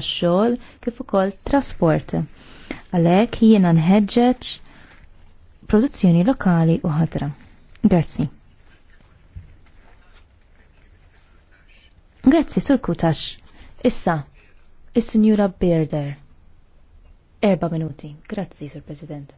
xogħol kif ukoll trasport. Għalhekk jiena nħeġġeġ produzzjoni lokali u ħadra. Grazzi. Grazzi, Sur Kutax. Issa, is-Sinjura Birder. Erba minuti. Grazzi, Sur President.